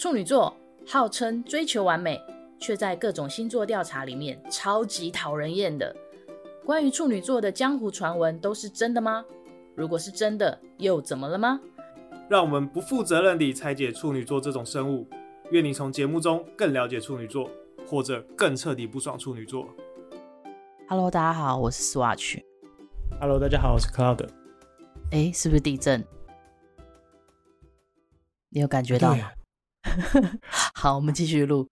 處女座號稱追求完美，卻在各種星座調查裡面超級討人厭的。關於處女座的江湖傳聞都是真的嗎？如果是真的，又怎麼了嗎？讓我們不負責任地拆解處女座這種生物。願你從節目中更了解處女座，或者更徹底不爽處女座。Hello，大家好，我是 Swatch。Hello，大家好，我是 Cloud。哎、欸，是不是地震？你有感覺到嗎？ 好，我們繼續錄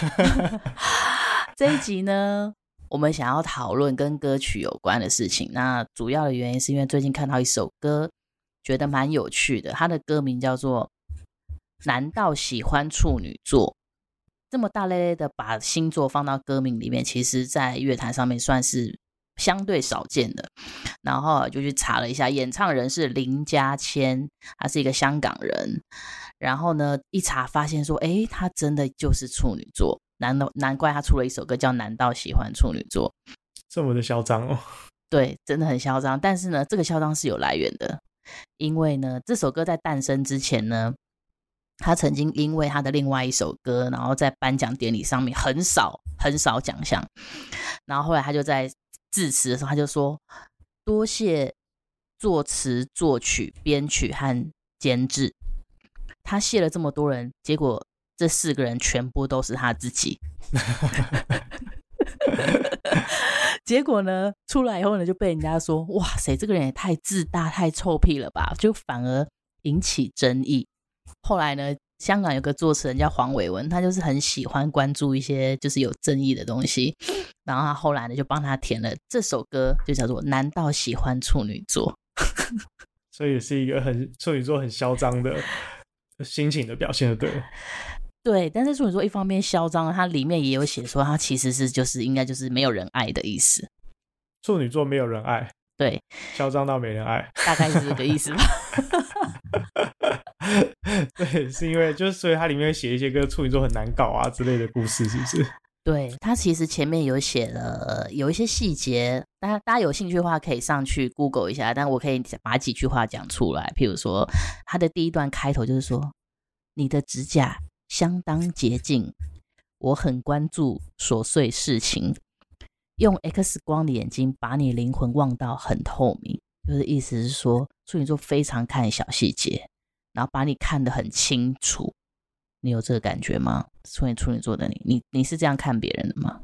這一集呢，我們想要討論跟歌曲有關的事情，那主要的原因是因為最近看到一首歌，覺得蠻有趣的，它的歌名叫做《難道喜歡處女座》。這麼大咧咧的把星座放到歌名裡面，其實在樂壇上面算是相對少見的，然後就去查了一下，演唱人是林家謙，他是一個香港人。然後呢，一查發現說，哎，他真的就是處女座，難道難怪他出了一首歌叫《難道喜歡處女座》？這麼的囂張哦！對，真的很囂張。但是呢，這個囂張是有來源的，因為呢，這首歌在誕生之前呢，他曾經因為他的另外一首歌，然後在頒獎典禮上面很少很少獎項，然後後來他就在。致辭的時候，他就說：“多謝作詞、作曲、編曲和監製。”他謝了這麼多人，結果這四個人全部都是他自己。 結果呢，出來以後呢，就被人家說：“哇塞，這個人也太自大、太臭屁了吧！”就反而引起爭議。後來呢，香港有個作詞人叫黃偉文，他就是很喜歡關注一些就是有爭議的東西。然後他後來呢，就幫他填了這首歌，就叫做《難道喜歡處女座》。所以是一個很處女座很囂張的 心情的表現，對不對？對，但是處女座一方面囂張，它裡面也有寫說，它其實是就是應該就是沒有人愛的意思。處女座沒有人愛，對，囂張到沒人愛，大概是這個意思吧。 對，是因為就是所以它裡面寫一些跟處女座很難搞啊之類的故事，是不是？。對，他其實前面有寫了有一些細節，大家大家有興趣的話可以上去 Google 一下，但我可以把幾句話講出來。譬如說他的第一段開頭就是說：“你的指甲相當潔淨，我很關注瑣碎事情，用 X 光的眼睛把你靈魂望到很透明。”就是意思是說處女座非常看小細節。然後把你看得很清楚，你有這個感覺嗎？作為處女座的你，你你是這樣看別人的嗎？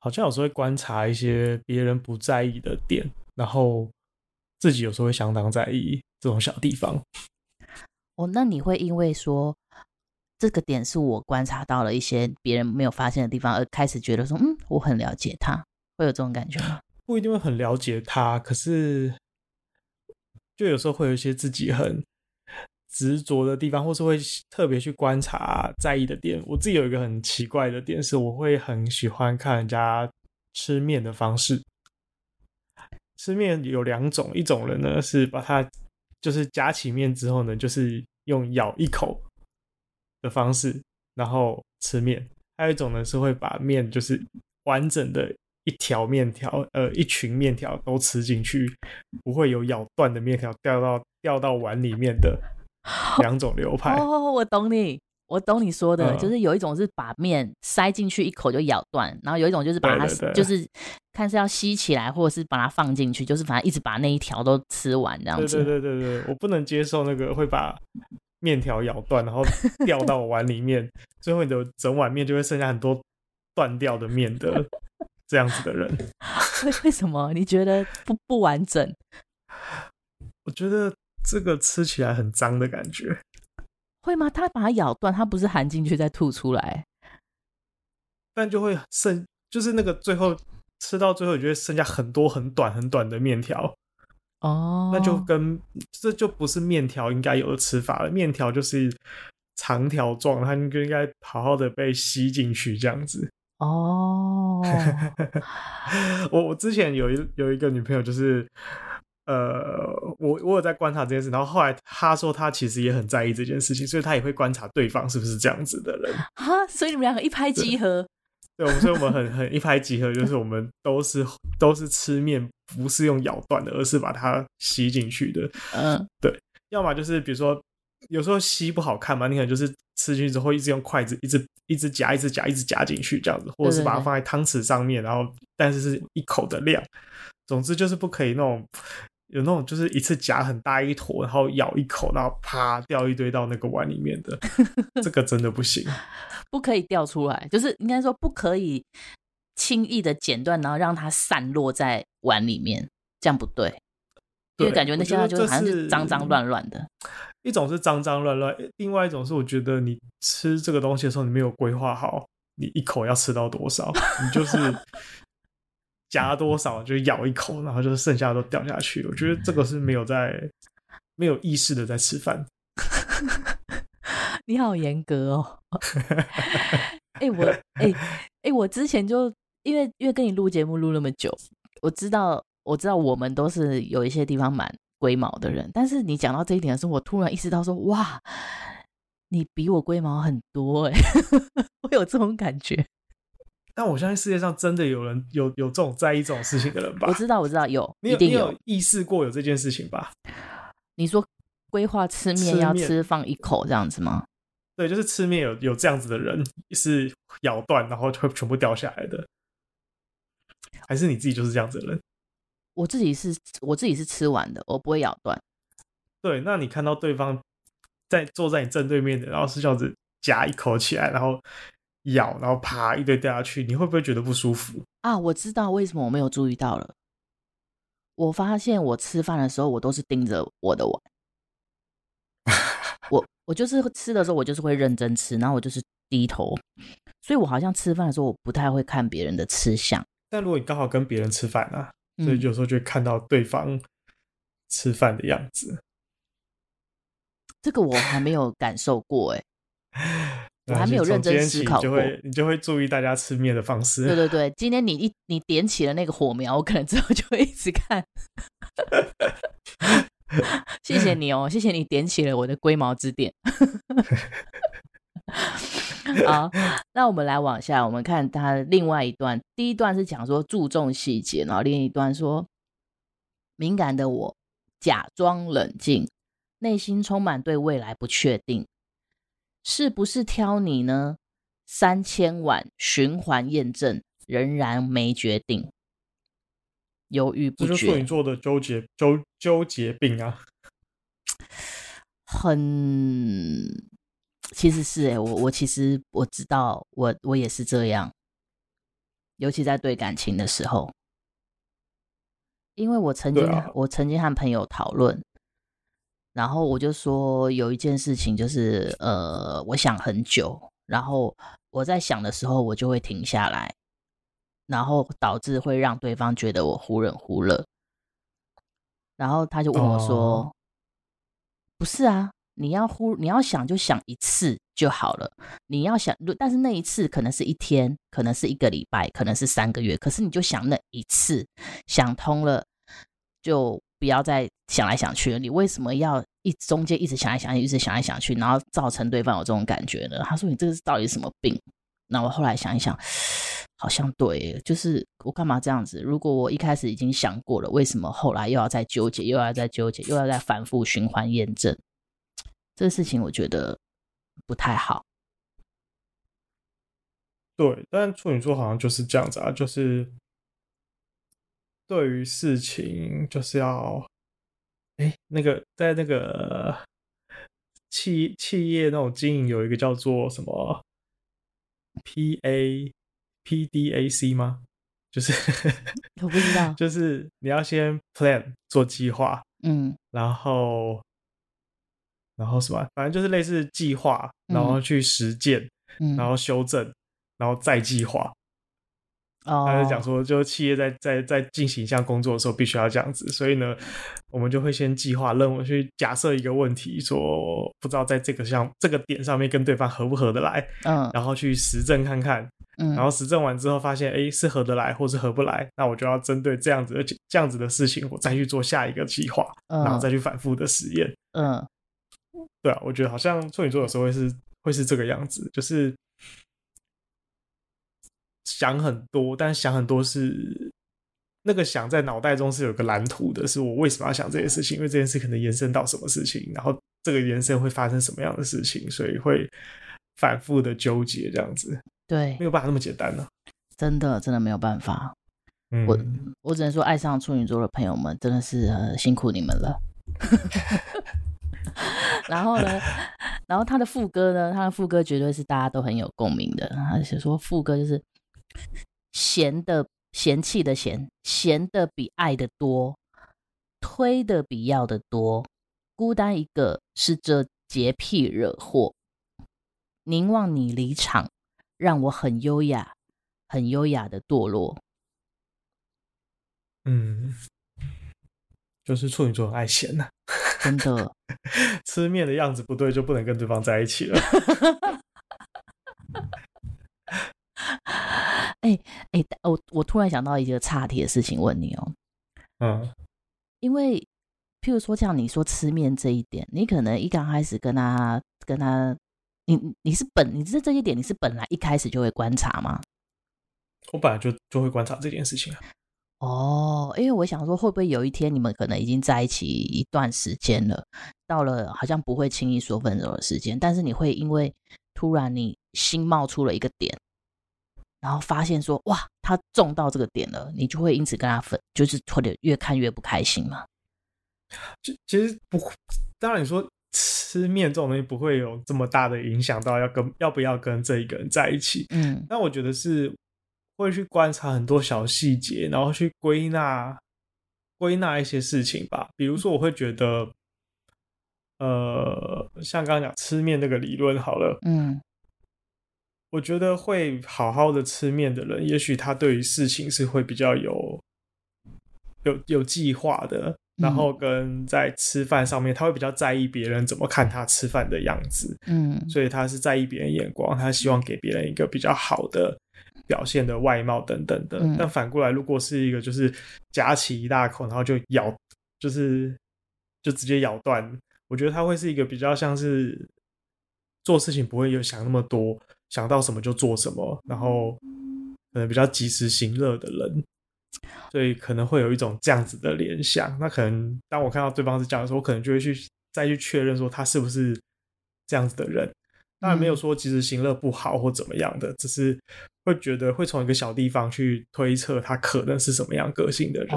好像有時候會觀察一些別人不在意的點，然後自己有時候會相當在意這種小地方。哦，那你會因為說這個點是我觀察到了一些別人沒有發現的地方，而開始覺得說，嗯，我很了解他，會有這種感覺嗎？不一定會很了解他，可是就有時候會有一些自己很。執着的地方，或是會特別去觀察在意的點。我自己有一個很奇怪的點，是我會很喜歡看人家吃麵的方式。吃麵有兩種，一種人呢是把它就是夾起麵之後呢，就是用咬一口的方式，然後吃麵；還有一種呢是會把麵就是完整的一條麵條，呃，一群麵條都吃進去，不會有咬斷的麵條掉到掉到碗裡面的。兩種流派、哦哦、我懂你，我懂你說的，嗯、就是有一種是把麵塞進去一口就咬斷，然後有一種就是把它對對對就是看是要吸起來，或者是把它放進去，就是反正一直把那一條都吃完這樣子。對對對對對，我不能接受那個會把麵條咬斷，然後掉到我碗裡面， 最後你的整碗麵就會剩下很多斷掉的麵的這樣子的人。為什麼你覺得不 不完整？我覺得。這個吃起來很髒的感覺，會嗎？他把它咬斷，他不是含進去再吐出來，但就會剩，就是那個最後吃到最後，就會剩下很多很短很短的麵條。哦，oh，那就跟就這就不是麵條應該有的吃法了。面條就是長條狀，它就應該好好的被吸進去這樣子。哦，我我之前有一有一個女朋友，就是。呃，我我有在觀察這件事，然後後來他說他其實也很在意這件事情，所以他也會觀察對方是不是這樣子的人哈，所以你們兩個一拍即合。對，對，所以我們很很一拍即合，就是我們都是 都是吃麵，不是用咬斷的，而是把它吸進去的。嗯，對，要麼就是比如說有時候吸不好看嘛，你可能就是吃進去之後一直用筷子一直一直，一直夾，一直夾，一直夾進去這樣子，或者是把它放在湯匙上面，然後但是是一口的量，總之就是不可以那種。有那種就是一次夾很大一坨，然後咬一口，然後啪掉一堆到那個碗裡面的， 這個真的不行，不可以掉出來，就是應該說不可以輕易的剪斷，然後讓它散落在碗裡面，這樣不對，對，因為感覺那些就好像是髒髒亂亂的。一種是髒髒亂亂，另外一種是我覺得你吃這個東西的時候，你沒有規劃好，你一口要吃到多少， 你就是。夾多少就咬一口，然後就是剩下的都掉下去。我覺得這個是沒有在沒有意識的在吃飯。 你好嚴格哦、喔。哎、 欸，我哎哎、欸欸，我之前就因為因為跟你錄節目錄那麼久，我知道我知道我們都是有一些地方蠻龜毛的人，但是你講到這一點的時候，我突然意識到說，哇，你比我龜毛很多哎、欸， 我有這種感覺。但我相信世界上真的有人有、有這種在意這種事情的人吧？我知道，我知道有，你有，一定有。你有意識過有這件事情吧？你說規劃吃麵要吃放一口這樣子嗎？對，就是吃麵有、有這樣子的人是咬斷，然後就會全部掉下來的，還是你自己就是這樣子的人？我自己是，我自己是吃完的，我不會咬斷。對，那你看到對方在坐在你正對面的，然後是這樣子夾一口起來，然後，咬，然後啪，一堆掉下去，你會不會覺得不舒服啊？我知道為什麼我沒有注意到了。我發現我吃飯的時候，我都是盯着我的碗。 我我就是吃的時候，我就是會認真吃，然後我就是低頭，所以我好像吃飯的時候，我不太會看別人的吃相。但如果你剛好跟別人吃飯啊，所以有時候就會看到對方吃飯的樣子，嗯、這個我還沒有感受過哎、欸。 我還沒有認真思考過，你就會注意大家吃麵的方式。對對對，今天你一你點起了那個火苗，我可能之後就會一直看。 謝謝你哦，謝謝你點起了我的龜毛之點。 好，那我們來往下，我們看他另外一段。第一段是講說注重細節，然後另一段說敏感的我假裝冷靜，內心充滿對未來不確定。是不是挑你呢？三千萬循環驗證仍然沒決定，猶豫不決。就是處女座的糾結、糾糾結病啊。很，其實是誒、欸，我我其實我知道，我我也是這樣，尤其在對感情的時候，因為我曾經、啊、我曾經和朋友討論。然後我就說有一件事情，就是呃，我想很久，然後我在想的時候，我就會停下來，然後導致會讓對方覺得我忽冷忽熱。然後他就問我說：“ Oh. 不是啊，你要忽你要想就想一次就好了。你要想，但是那一次可能是一天，可能是一個禮拜，可能是三個月，可是你就想那一次，想通了就。”不要再想來想去，你為什麼要一中間一直想來想去，一直想來想去，然後造成對方有這種感覺呢？他說：“你這個是到底什麼病？”那我後來想一想，好像對，就是我幹嘛這樣子？如果我一開始已經想過了，為什麼後來又要再糾結，又要再糾結，又要再反復循環驗證，這個事情我覺得不太好。對，但處女座好像就是這樣子啊，就是。對於事情就是要，哎，那個在那個企企業那種經營有一個叫做什麼 PAPDAC 嗎？就是我不知道， 就是你要先 plan 做計劃，嗯，然後然後什麼，反正就是類似計劃，然後去實踐，嗯，然後修正，然後再計劃。他就講說，就企業在在在進行一項工作的時候，必須要這樣子。所以呢，我們就會先計劃任務，去假設一個問題，說不知道在這個項這個點上面跟對方合不合得來、嗯。然後去實證看看。然後實證完之後，發現哎、欸、是合得來，或是合不來，那我就要針對這樣子的這樣子的事情，我再去做下一個計劃、嗯，然後再去反覆的實驗、嗯。嗯。對啊，我覺得好像處女座有時候會是會是這個樣子，就是。想很多，但想很多是那個想在腦袋中是有個藍圖的，是我為什麼要想這件事情？因為這件事可能延伸到什麼事情，然後這個延伸會發生什麼樣的事情，所以會反覆的糾結這樣子。對，沒有辦法那麼簡單呢、啊，真的真的沒有辦法。嗯、我我只能說，愛上處女座的朋友們真的是、呃、辛苦你們了。 然後呢，然後他的副歌呢，他的副歌絕對是大家都很有共鳴的，而且說副歌就是。嫌的嫌棄的嫌，嫌的比愛的多，推的比要的多，孤單一個是這潔癖惹禍。凝望你離場，讓我很優雅，很優雅的墮落。嗯，就是處女座很愛嫌呢、啊，真的。 吃麵的樣子不對，就不能跟對方在一起了。 哎 哎、欸欸，我我突然想到一個岔題的事情，問你哦、喔。嗯，因為譬如說，像你說吃麵這一點，你可能一剛開始跟他跟他，你你是本你是這一點，你是本來一開始就會觀察嗎？我本來就就會觀察這件事情啊。哦，因為我想說，會不會有一天你們可能已經在一起一段時間了，到了好像不會輕易說分手的時間，但是你會因為突然你心冒出了一個點。然後發現說，哇，他中到這個點了，你就會因此跟他分，就是或者越看越不開心嘛。其實不，當然你說吃麵這種東西不會有這麼大的影響到要跟要不要跟這一個人在一起。嗯，那我覺得是會去觀察很多小細節，然後去歸納歸納一些事情吧。比如說，我會覺得，呃，像剛剛講吃麵那個理論好了，嗯。我覺得會好好的吃麵的人，也許他對於事情是會比較有有有計劃的，然後跟在吃飯上面，嗯，他會比較在意別人怎麼看他吃飯的樣子，嗯，所以他是在意別人眼光，他希望給別人一個比較好的表現的外貌等等的。嗯。但反過來，如果是一個就是夾起一大口，然後就咬，就是就直接咬斷，我覺得他會是一個比較像是做事情不會有想那麼多。想到什麼就做什麼，然後可能比較及時行樂的人，所以可能會有一種這樣子的聯想。那可能當我看到對方是這樣的時候，我可能就會去再去確認說他是不是這樣子的人。當然沒有說其實行樂不好或怎麼樣的，嗯、只是會覺得會從一個小地方去推測他可能是什麼樣個性的人，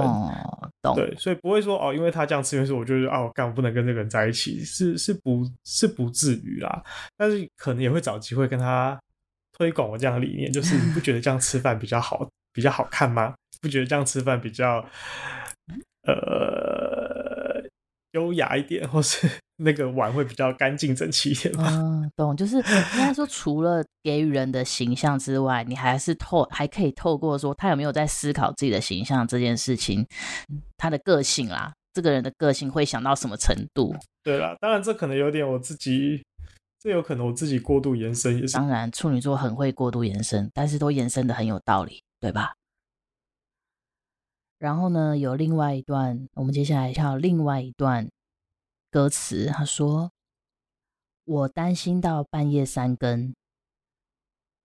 懂、嗯？對懂，所以不會說哦，因為他這樣吃東西，啊，我就覺得哦，我根本不能跟這個人在一起，是是不？是不至於啦，但是可能也會找機會跟他推廣我這樣的理念，就是你不覺得這樣吃飯比較好， 比較好看嗎？不覺得這樣吃飯比較，呃。優雅一點，或是那個碗會比較乾淨整齊一點。嗯，懂，就是應該說，除了給予人的形象之外， 你還是透，還可以透過說他有沒有在思考自己的形象這件事情，他的個性啦，這個人的個性會想到什麼程度？對啦，當然這可能有點我自己，這有可能我自己過度延伸，也是。當然，處女座很會過度延伸，但是都延伸得很有道理，對吧？然後呢，有另外一段，我們接下來跳另外一段歌詞。他說：“我擔心到半夜三更，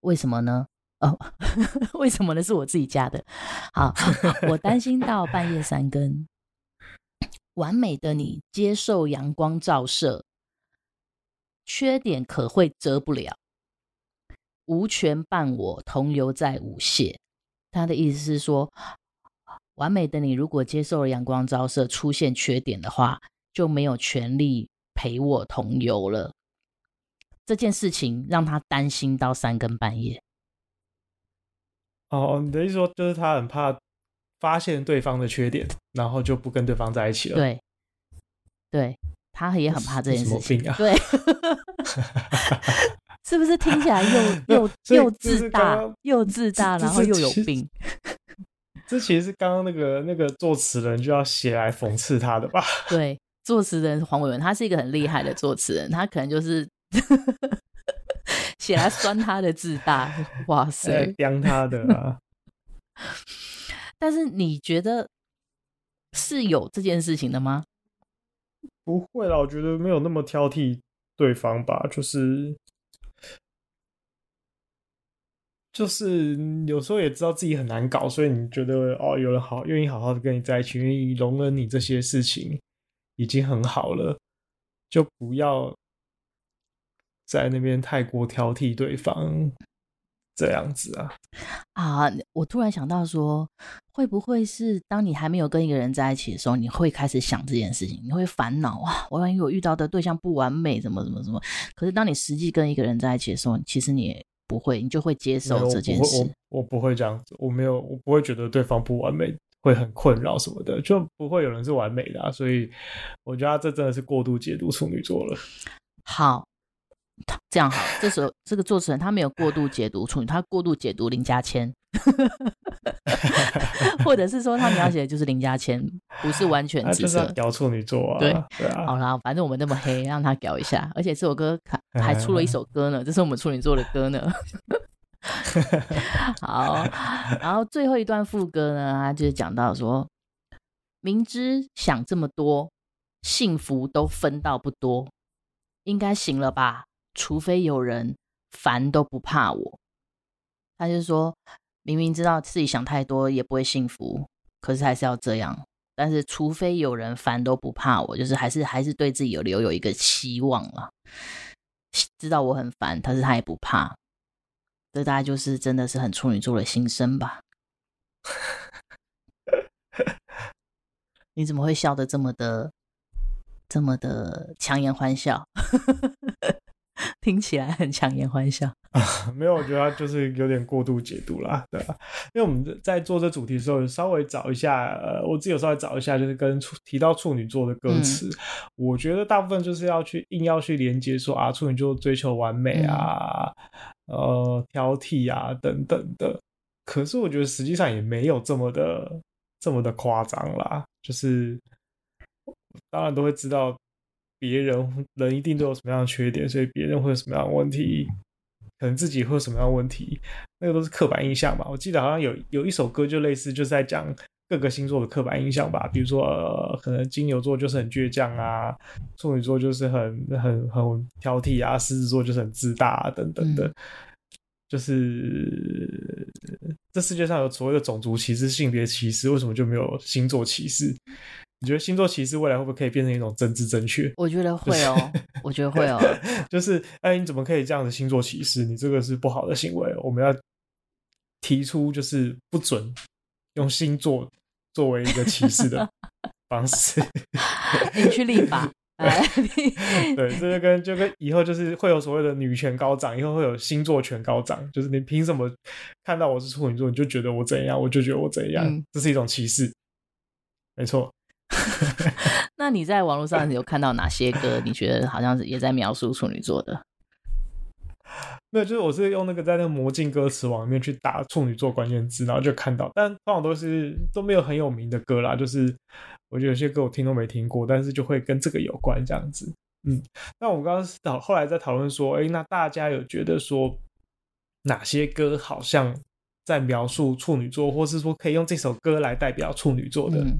為什麼呢？哦，呵呵，為什麼呢？是我自己加的。好， 我擔心到半夜三更，完美的你接受陽光照射，缺點可會遮不了，無權伴我同遊在午夜。”他的意思是說。完美的你，如果接受了陽光照射，出現缺點的話，就沒有權利陪我同遊了。這件事情讓他擔心到三更半夜。哦，你的意思說，就是他很怕發現對方的缺點，然後就不跟對方在一起了。對，對他也很怕這件事情。什麼病啊？對， 是不是聽起來又又 又，所又自大剛剛，又自大，然後又有病？這是這是 這其實是剛剛那個那個作詞人就要寫來諷刺他的吧？對，作詞人黃偉文，他是一個很厲害的作詞人， 他可能就是 寫來酸他的自大， 哇塞，刁他的啊。 但是你覺得是有這件事情的嗎？不會啦，我覺得沒有那麼挑剔對方吧，就是。就是有時候也知道自己很難搞，所以你覺得哦，有人好願意好好的跟你在一起，願意容忍你這些事情，已經很好了，就不要在那邊太過挑剔對方，這樣子啊啊，我突然想到說，會不會是當你還沒有跟一個人在一起的時候，你會開始想這件事情，你會煩惱哇，我萬一我遇到的對象不完美，怎麼怎麼怎麼？可是當你實際跟一個人在一起的時候，其實你。不會，你就會接受這件事。No, 我，不我，我不會這樣子，我沒有，我不會覺得對方不完美會很困擾什麼的，就不會有人是完美的，啊。所以我覺得他這真的是過度解讀處女座了。 好，這樣好，這時候 這個作詞人他沒有過度解讀處女，他過度解讀林家謙。 或者是說他描寫的就是林家謙， 不是完全只，啊就是搞處女座啊？對，對啊，好啦，反正我們那麼黑，讓他搞一下。而且這首歌還出了一首歌呢， 這是我們處女座的歌呢。 好，然後最後一段副歌呢，他就是講到說， 明知想這麼多，幸福都分到不多，應該行了吧？除非有人煩都不怕我。他就說。明明知道自己想太多也不會幸福，可是還是要這樣。但是除非有人煩都不怕我，我就是還是還是對自己有留有一個期望了。知道我很煩，但是他也不怕。這大概就是真的是很處女座的心聲吧？ 你怎麼會笑得這麼的、這麼的強顏歡笑？ 聽起來很強顏歡笑啊！沒有，我覺得就是有點過度解讀啦，對吧、啊？因為我們在做這主題的時候，稍微找一下，呃，我自己有稍微找一下，就是跟提到處女座的歌詞、嗯，我覺得大部分就是要去硬要去連接，說啊，處女座追求完美啊，嗯、呃，挑剔啊等等的。可是我覺得實際上也沒有這麼的這麼的誇張啦，就是當然都會知道。別人人一定都有什麼樣的缺點，所以別人會有什麼樣的問題，可能自己會有什麼樣的問題，那個都是刻板印象吧。我記得好像有有一首歌，就類似就是在講各個星座的刻板印象吧。比如說，呃，可能金牛座就是很倔強啊，處女座就是很很很挑剔啊，獅子座就是很自大啊，等等等，嗯。就是這世界上有所謂的種族歧視、性別歧視，為什麼就沒有星座歧視？你覺得星座歧視未來會不會可以變成一種政治正確？我覺得會哦、喔，就是、 我覺得會哦、喔。就是，哎、欸，你怎麼可以這樣子星座歧視？你這個是不好的行為。我們要提出，就是不准用星座作為一個歧視的方式。 你去立法， 對，這 就跟就跟以後就是會有所謂的女權高漲，以後會有星座權高漲。就是你憑什麼看到我是處女座，你就覺得我怎樣，我就覺得我怎樣？嗯、這是一種歧視，沒錯。 那你在網絡上，有看到哪些歌？你覺得好像是也在描述處女座的？ 沒有，就是我是用那個在那個魔鏡歌詞網裡面去打處女座關鍵字，然後就看到，但往往都是都沒有很有名的歌啦。就是我覺得有些歌我聽都沒聽過，但是就會跟這個有關這樣子。嗯，那我們剛剛是討，後來在討論說，哎、欸，那大家有覺得說哪些歌好像？在描述處女座，或是說可以用這首歌來代表處女座的。嗯、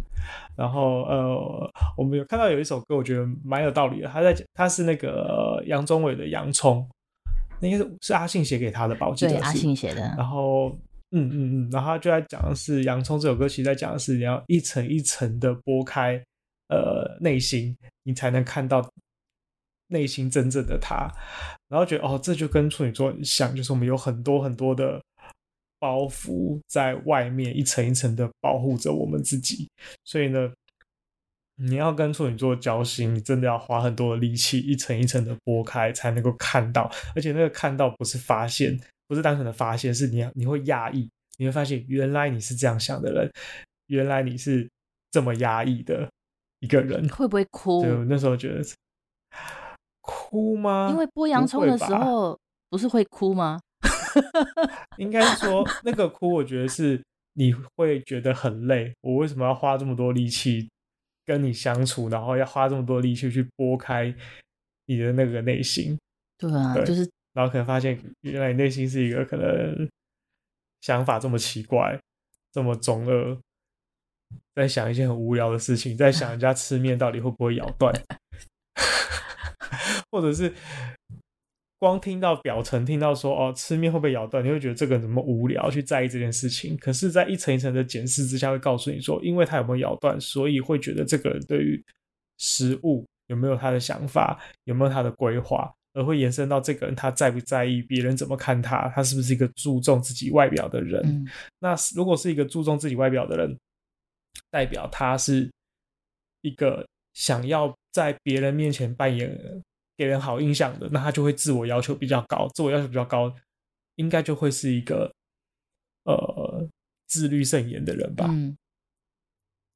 然後，呃，我們有看到有一首歌，我覺得蠻有道理的。他在講，他是那個、呃、楊宗緯的《洋蔥》那，應該是是阿信寫給他的吧？我記得是阿信寫的。然後，嗯嗯嗯，然後他就在講的是《洋蔥》這首歌，其實在講的是你要一層一層的剝開，呃，內心你才能看到內心真正的他。然後覺得哦，這就跟處女座很像，就是我們有很多很多的。包袱在外面一層一層的保護着我們自己，所以呢，你要跟處女座交心，你真的要花很多的力氣一層一層的剝開才能夠看到，而且那個看到不是發現，不是單純的發現，是你要你會壓抑，你會發現原來你是這樣想的人，原來你是這麼壓抑的一個人，會不會哭？對，我那時候覺得哭嗎？因為剝洋蔥的時候不是會哭嗎？ 應該說，那個哭，我覺得是你會覺得很累。我為什麼要花這麼多力氣跟你相處，然後要花這麼多力氣去撥開你的那個內心？對啊，對就是，然後可能發現，原來你內心是一個可能想法這麼奇怪、這麼中二，在想一些很無聊的事情，在想人家吃麵到底會不會咬斷， 或者是。光聽到表層，聽到說哦，吃麵會被咬斷，你會覺得這個人怎麼無聊去在意這件事情？可是，在一層一層的檢視之下，會告訴你說，因為他有沒有咬斷，所以會覺得這個人對於食物有沒有他的想法，有沒有他的規劃，而會延伸到這個人他在不在意別人怎麼看他，他是不是一個注重自己外表的人。嗯。那如果是一個注重自己外表的人，代表他是一個想要在別人面前扮演的人。給人好印象的，那他就會自我要求比較高。自我要求比較高，應該就會是一個呃自律甚嚴的人吧。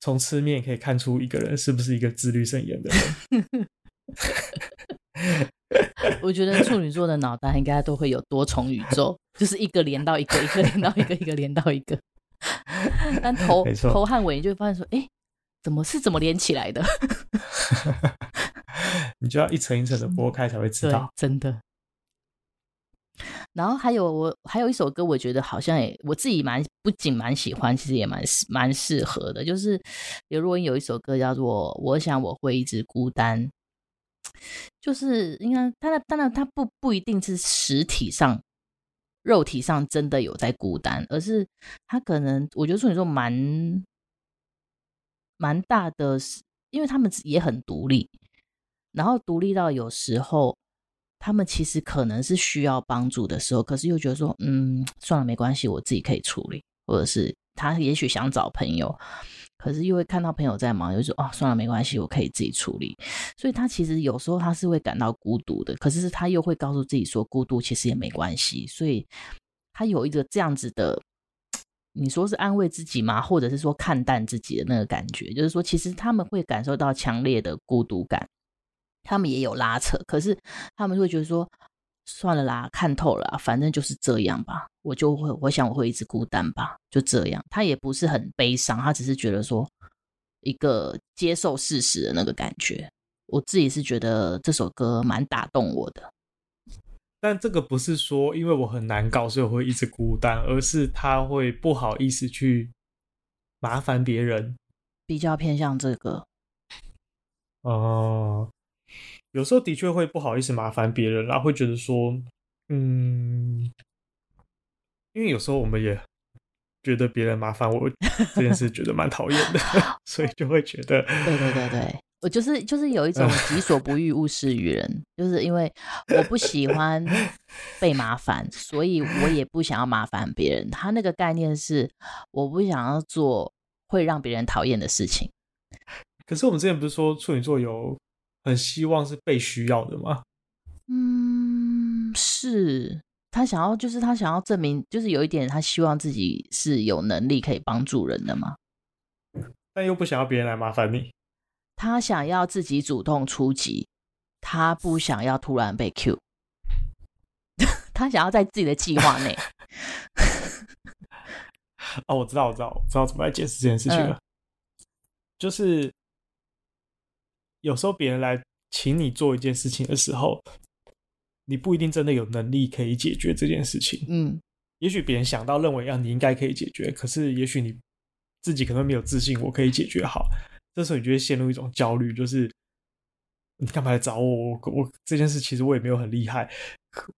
從、嗯、吃麵可以看出一個人是不是一個自律甚嚴的人。 我覺得處女座的腦袋應該都會有多重宇宙， 就是一個連到一個，一,一個連到一個，一個連到一個。但頭頭和尾，就會發現說，哎、欸，怎麼是怎麼連起來的？ 你就要一層一層的剝開才會知道，嗯，真的。然後還有我，還有一首歌，我覺得好像也、欸、我自己蠻不僅蠻喜歡，其實也蠻蠻適合的，就是劉若英有一首歌叫做《我想我會一直孤單》，就是應該他當然他不不一定是實體上肉體上真的有在孤單，而是他可能我覺得處女座蠻蠻大的，因為他們也很獨立。然後獨立到有時候，他們其實可能是需要幫助的時候，可是又覺得說，嗯，算了，沒關係，我自己可以處理。或者是他也許想找朋友，可是又會看到朋友在忙，就說，哦，算了，沒關係，我可以自己處理。所以他其實有時候他是會感到孤獨的，可是他又會告訴自己說，孤獨其實也沒關係。所以他有一個這樣子的，你說是安慰自己嗎？或者是說看淡自己的那個感覺，就是說，其實他們會感受到強烈的孤獨感。他們也有拉扯，可是他們會覺得說算了啦，看透了，反正就是這樣吧。我就會，我想我會一直孤單吧，就這樣。他也不是很悲傷，他只是覺得說一個接受事實的那個感覺。我自己是覺得這首歌蠻打動我的。但這個不是說因為我很難搞，所以我會一直孤單，而是他會不好意思去麻煩別人，比較偏向這個。哦、uh...。有時候的確會不好意思麻煩別人，然後會覺得說，嗯，因為有時候我們也覺得別人麻煩我這件事，覺得蠻討厭的， 所以就會覺得，對對對對，我就是就是有一種己所不欲，勿施於人，嗯、就是因為我不喜歡被麻煩， 所以我也不想要麻煩別人。他那個概念是，我不想要做會讓別人討厭的事情。可是我們之前不是說處女座有？很希望是被需要的嗎？嗯，是他想要，就是他想要證明，就是有一點他希望自己是有能力可以幫助人的嘛，但又不想要別人來麻煩你。他想要自己主動出擊，他不想要突然被 cue， 他想要在自己的計劃內。哦，我知道，我知道，我知道怎麼來解釋這件事情了，啊嗯，就是。有時候別人來請你做一件事情的時候，你不一定真的有能力可以解決這件事情。嗯，也許別人想到認為啊，你應該可以解決，可是也許你自己可能沒有自信，我可以解決好。這時候你就會陷入一種焦慮，就是你幹嘛來找我？我我這件事其實我也沒有很厲害，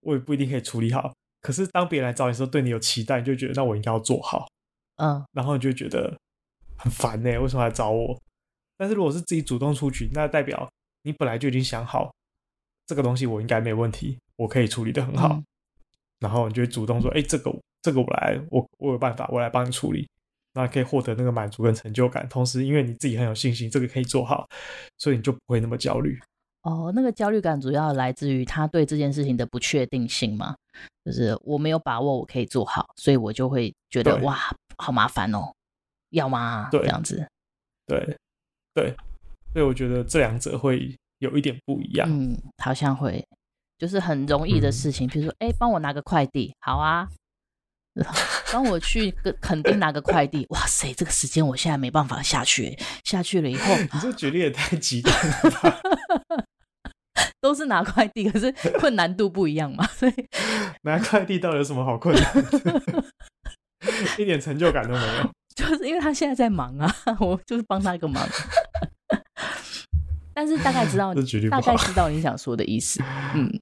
我也不一定可以處理好。可是當別人來找你的時候，對你有期待，你就覺得那我應該要做好。嗯，然後你就覺得很煩呢，為什麼來找我？但是如果是自己主動出去，那代表你本來就已經想好，這個東西我應該沒問題，我可以處理得很好，嗯。然後你就會主動說：“哎、欸，這個這個我來，我我有辦法，我來幫你處理。”那可以獲得那個滿足跟成就感。同時，因為你自己很有信心，這個可以做好，所以你就不會那麼焦慮。哦，那個焦慮感主要來自於他對這件事情的不確定性嘛，就是我沒有把握我可以做好，所以我就會覺得哇，好麻煩哦，要嗎？這樣子，對。對，所以我覺得這兩者會有一點不一樣。嗯，好像會，就是很容易的事情，嗯、譬如說，哎、欸，幫我拿個快遞，好啊，幫 我去，肯定拿個快遞。哇塞，這個時間我現在沒辦法下去，下去了以後，你這個舉例也太極端了吧？ 都是拿快遞，可是困難度不一樣嘛，所以拿快遞到底有什麼好困難？ 一點成就感都沒有，就是因為他現在在忙啊，我就是幫他一個忙。但是大概知道，大概知道你想說的意思，嗯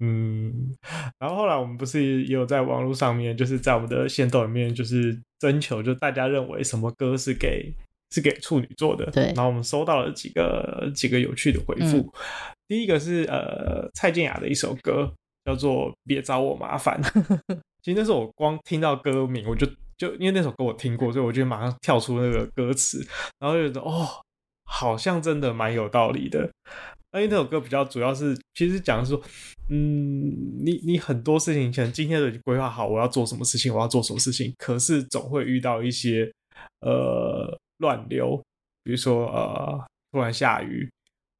嗯。然後後來我們不是也有在網絡上面，就是在我們的限動裡面，就是徵求，就大家認為什麼歌是給是給處女座的？對。然後我們收到了幾個幾個有趣的回復。嗯。第一個是呃，蔡健雅的一首歌叫做《別找我麻煩》。 其實那時候我光聽到歌名，我就就因為那首歌我聽過，所以我就馬上跳出那個歌詞，然後就覺得哦。好像真的蠻有道理的，因為那首歌比較主要是其實講的是說，嗯，你你很多事情，可能今天都已經規劃好，我要做什麼事情，我要做什麼事情，可是總會遇到一些呃亂流，比如說呃突然下雨，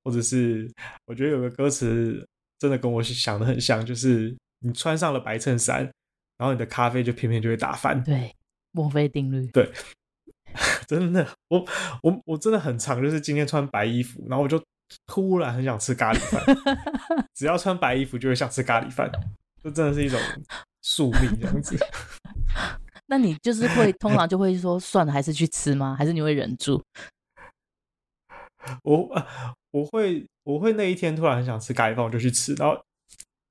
或者是我覺得有個歌詞真的跟我想的很像，就是你穿上了白襯衫，然後你的咖啡就偏偏就會打翻，對，墨菲定律，對。 真的，我我我真的很常，就是今天穿白衣服，然後我就突然很想吃咖喱飯。 只要穿白衣服就會想吃咖喱飯，這就真的是一種宿命這樣子。 那你就是會通常就會說算了，還是去吃嗎？還是你會忍住？ 我我會我會那一天突然很想吃咖喱飯，我就去吃，然後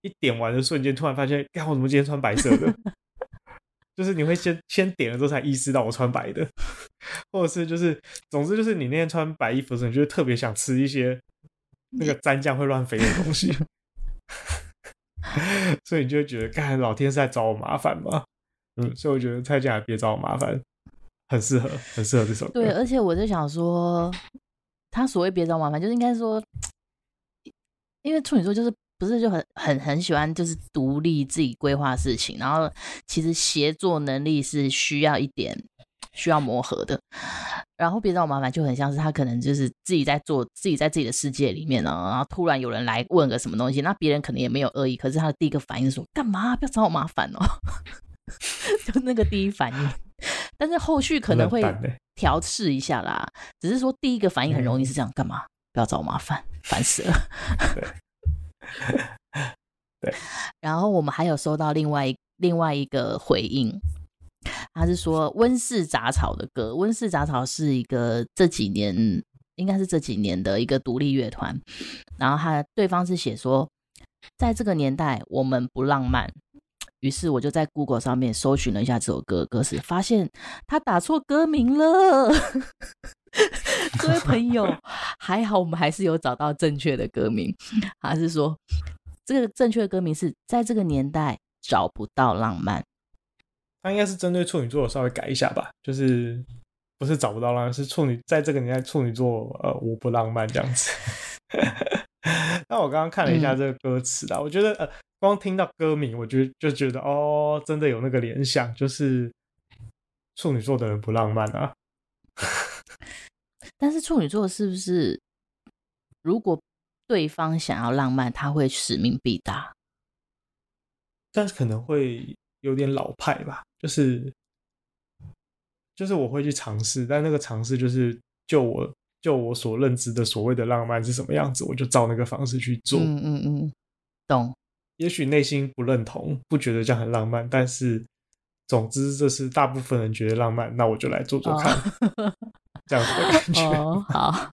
一點完的瞬間突然發現，哎，我怎麼今天穿白色的？ 就是你會先先點了之後才意識到我穿白的，或者是就是總之就是你那天穿白衣服的時候，你就特別想吃一些那個蘸醬會亂飛的東西， 所以你就會覺得，剛才老天是在找我麻煩嗎？嗯，所以我覺得蔡健雅別找我麻煩很適合，很適合這首歌。對，而且我就想說，他所謂別找我麻煩，就是應該說，因為處女座就是。不是就很很很喜歡，就是獨立自己規劃的事情，然後其實協作能力是需要一點需要磨合的。然後別找我麻煩，就很像是他可能就是自己在做，自己在自己的世界裡面，然後，然後突然有人來問個什麼東西，那別人可能也沒有惡意，可是他的第一個反應是說：幹嘛不要找我麻煩哦？ 就那個第一反應。但是後續可能會調試一下啦，只是說第一個反應很容易是這樣，幹嘛不要找我麻煩，煩死了。 對，然後我們還有收到另外另外一個回應，他是說溫室雜草的歌，溫室雜草是一個這幾年應該是這幾年的一個獨立樂團，然後他對方是寫說，在這個年代我們不浪漫，於是我就在 Google 上面搜尋了一下這首歌歌詞，發現他打錯歌名了。 各位朋友， 還好我們還是有找到正確的歌名，還是說這個正確的歌名是在這個年代找不到浪漫？那應該是針對處女座我稍微改一下吧，就是不是找不到浪漫，是處女在這個年代處女座呃，我不浪漫這樣子。那 我剛剛看了一下這個歌詞啊，嗯，我覺得呃，光聽到歌名，我就，就覺得哦，真的有那個聯想，就是處女座的人不浪漫啊。 但是處女座是不是，如果對方想要浪漫，他會使命必達？但是可能會有點老派吧，就是，就是我會去嘗試，但那個嘗試就是就我就我所認知的所謂的浪漫是什麼樣子，我就照那個方式去做。嗯嗯嗯，懂。也許內心不認同，不覺得這樣很浪漫，但是總之這是大部分人覺得浪漫，那我就來做做看。Oh. 這樣子的感覺、oh,， 好。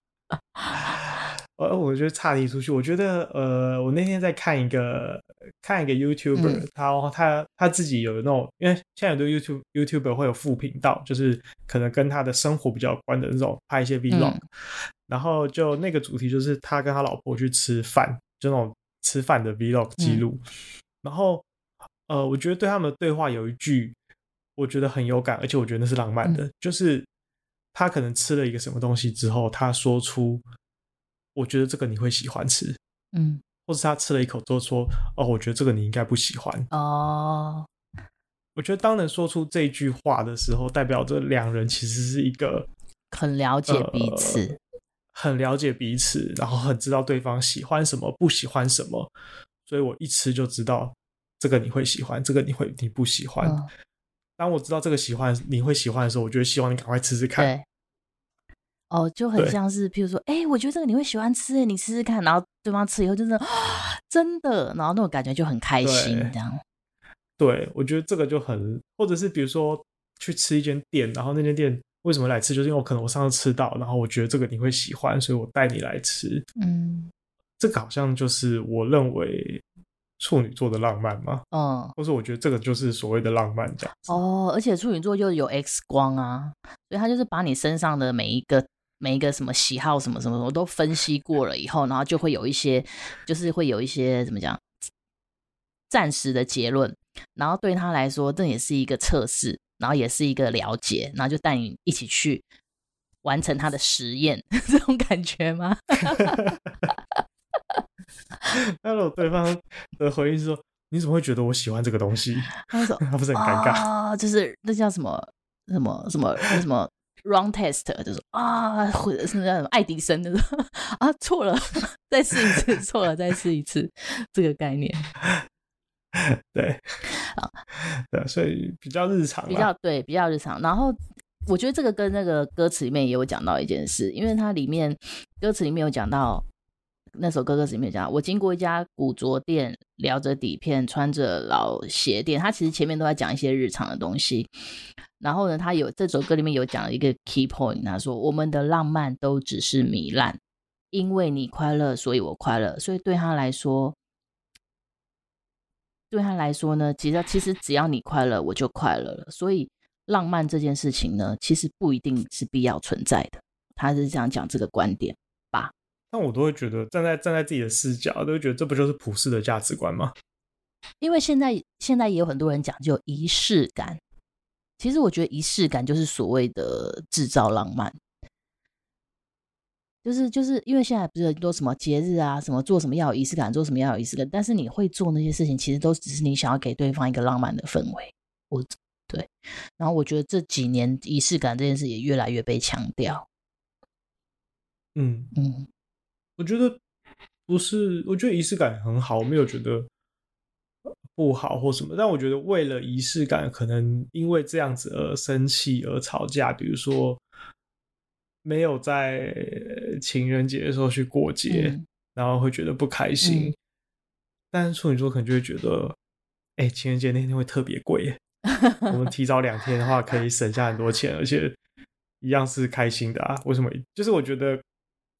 呃，我覺得岔題出去。我覺得，呃，我那天在看一個看一個 YouTuber，、嗯、他他他自己有那種，因為現在很多 YouTube YouTuber 會有副頻道，就是可能跟他的生活比較關的那種，拍一些 Vlog、嗯。然後就那個主題就是他跟他老婆去吃飯，就那種吃飯的 Vlog 記錄、嗯。然後，呃，我覺得對他們的對話有一句，我覺得很有感，而且我覺得那是浪漫的，嗯、就是。他可能吃了一個什麼東西之後，他說出：“我覺得這個你會喜歡吃。”嗯，或是他吃了一口之後說：“哦，我覺得這個你應該不喜歡。”哦，我覺得當人說出這句話的時候，代表着兩人其實是一個很了解彼此、呃，很了解彼此，然後很知道對方喜歡什麼、不喜歡什麼，所以我一吃就知道這個你會喜歡，這個你會你不喜歡。哦當我知道這個喜歡，你會喜歡的時候，我覺得希望你趕快吃吃看。對，哦、oh，就很像是，比如說，哎、欸，我覺得這個你會喜歡吃、欸，你吃吃看，然後對方吃以後就是真的、啊、真的，然後那種感覺就很開心，這樣。對，我覺得這個就很，或者是比如說去吃一間店，然後那間店為什麼來吃，就是因為我可能我上次吃到，然後我覺得這個你會喜歡，所以我帶你來吃。嗯，這個好像就是我認為。處女座的浪漫嗎？嗯、哦，或是我覺得這個就是所謂的浪漫，這樣哦。而且處女座就是有 X 光啊，所以他就是把你身上的每一個每一個什麼喜好什麼什麼什麼都分析過了以後， 然後就會有一些，就是會有一些怎麼講，暫時的結論。然後對他來說，這也是一個測試，然後也是一個了解，然後就帶你一起去完成他的實驗， 這種感覺嗎？ Hello， 對方的回應是說：“你怎麼會覺得我喜歡這個東西？”他說：“ 他不是很尷尬啊，就是那叫什麼什麼什麼什麼 wrong test，就是啊，或者是那叫什麼愛迪生、那個，那是啊錯了，再試一次，錯 了再試一次， 這個概念。對”對啊，對，所以比較日常，比較對，比較日常。然後我覺得這個跟那個歌詞裡面也有講到一件事，因為它裡面歌詞裡面有講到。那首歌歌詞裡面講，我經過一家古着店，聊着底片，穿着老鞋墊。他其實前面都在講一些日常的東西，然後呢，他有這首歌裡面有講了一個 key point，他說我們的浪漫都只是糜爛，因為你快樂，所以我快樂。所以對他來說，對他來說呢，其實其實只要你快樂，我就快樂了。所以浪漫這件事情呢，其實不一定是必要存在的。他是這樣講這個觀點。但我都會覺得站在站在自己的視角，都會覺得這不就是普世的價值觀嗎？因為現在現在也有很多人講究儀式感，其實我覺得儀式感就是所謂的制造浪漫，就是就是因為現在不是很多什麼節日啊，什麼做什麼要有儀式感，做什麼要有儀式感。但是你會做那些事情，其實都只是你想要給對方一個浪漫的氛圍。我對，然後我覺得這幾年儀式感這件事也越來越被強調。嗯嗯。我覺得不是，我覺得儀式感很好，我沒有覺得不好或什麼。但我覺得為了儀式感，可能因為這樣子而生氣而吵架，比如說沒有在情人節的時候去過節、嗯，然後會覺得不開心。嗯、但是處女座可能就會覺得，哎、欸，情人節那天會特別貴， 我們提早兩天的話可以省下很多錢，而且一樣是開心的啊。為什麼？就是我覺得。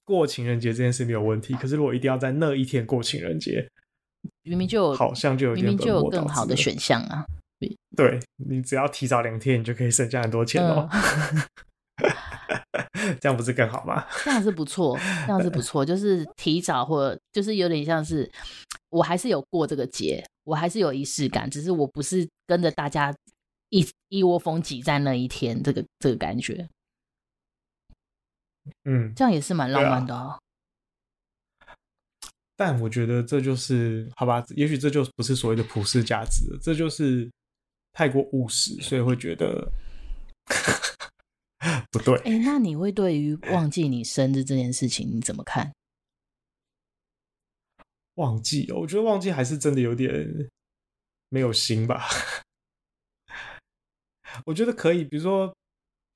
過情人節這件事沒有問題，可是如果一定要在那一天過情人節，明明就有好像就有一點明明就有更好的選項啊對！對，你只要提早兩天，你就可以省下很多錢哦，嗯、 這樣不是更好嗎？這樣是不錯，這樣是不錯，就是提早或者就是有點像是，我還是有過這個節，我還是有儀式感，只是我不是跟着大家一一窩蜂擠在那一天，這個這個感覺。嗯，這樣也是蠻浪漫的，哦啊。但我覺得這就是好吧，也許這就不是所謂的普世價值，這就是太過務實，所以會覺得 不對。哎、欸，那你會對於忘記你生日這件事情你怎麼看？ 忘記，哦，我覺得忘記還是真的有點沒有心吧。 我覺得可以，比如說。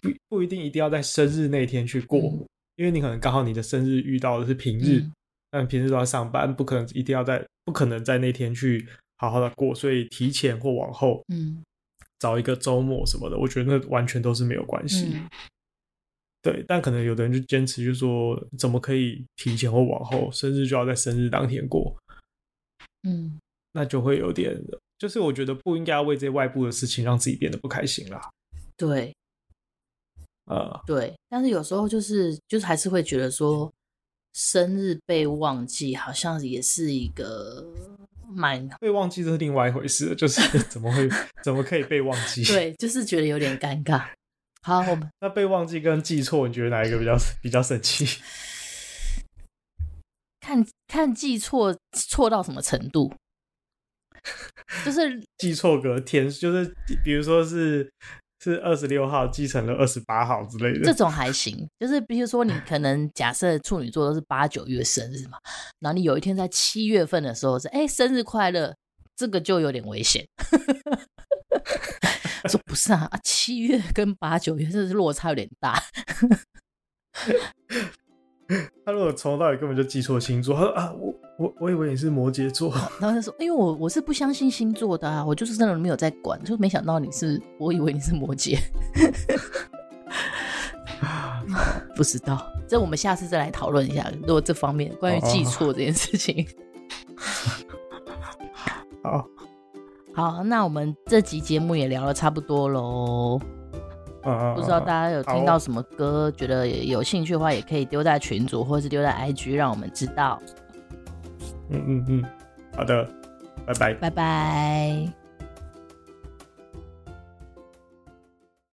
不不一定一定要在生日那天去過，嗯，因為你可能剛好你的生日遇到的是平日，嗯，但平日都要上班，不可能一定要在不可能在那天去好好的過，所以提前或往後，嗯，找一個周末什麼的，我覺得那完全都是沒有關係，嗯。對，但可能有的人就堅持，就說怎麼可以提前或往後，生日就要在生日當天過，嗯，那就會有點，就是我覺得不應該要為這些外部的事情讓自己變得不開心啦。對。啊、嗯，對，但是有時候就是就是還是會覺得說生日被忘記好像也是一個蠻被忘記，這是另外一回事，就是怎麼會 怎麼可以被忘記？對，就是覺得有點尷尬。好，我們那被忘記跟記錯，你覺得哪一個比較比較生氣？看看記錯錯到什麼程度，就是記錯格填，就是比如說是。是二十六號繼承了二十八號之類的，這種還行。就是比如說，你可能假設處女座都是八九月生日嘛，然後你有一天在七月份的時候是哎、欸、生日快樂，這個就有點危險。 他說不是啊，啊、七月跟八九月這是，是落差有點大。 他如果從頭到尾根本就記錯星座，他說啊我。我,我以為你是摩羯座，哦，然後他說：“因為我我是不相信星座的啊，我就是真的沒有在管，就沒想到你是，我以為你是摩羯， 不知道。這我們下次再來討論一下，如果這方面關於記錯這件事情。”好，好，那我們這集節目也聊得差不多嘍。Uh, 不知道大家有聽到什麼歌，oh. 覺得有興趣的話，也可以丟在群組或是丟在 IG，讓我們知道。嗯嗯嗯，好的，拜拜，拜拜。